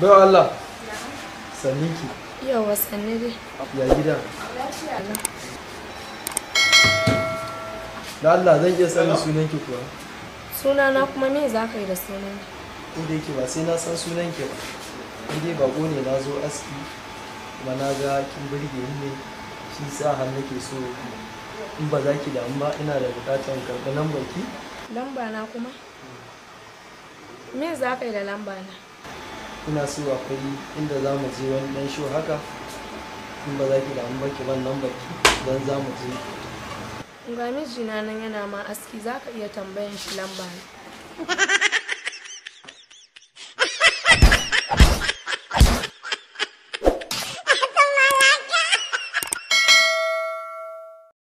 bai Allah sanniki. ki yawa sanni dai ya gida da Allah zan iya sanin sunan ki kuwa na kuma me za ka yi da sunan ko da yake ba sai na san sunan ki ba dai ba ne na zo aski kuma na ga kin burge ni ne shi sa har nake so in ba za ki da, ba ina da bukatar karɓi lambar ki lamba na kuma me za ka yi da lamba na ina so akwai inda za mu je wani dan show haka in ba za ki damu ba ban nan baki don za mu je ga na nan yana ma aski za ka iya tambayan shi lamba ne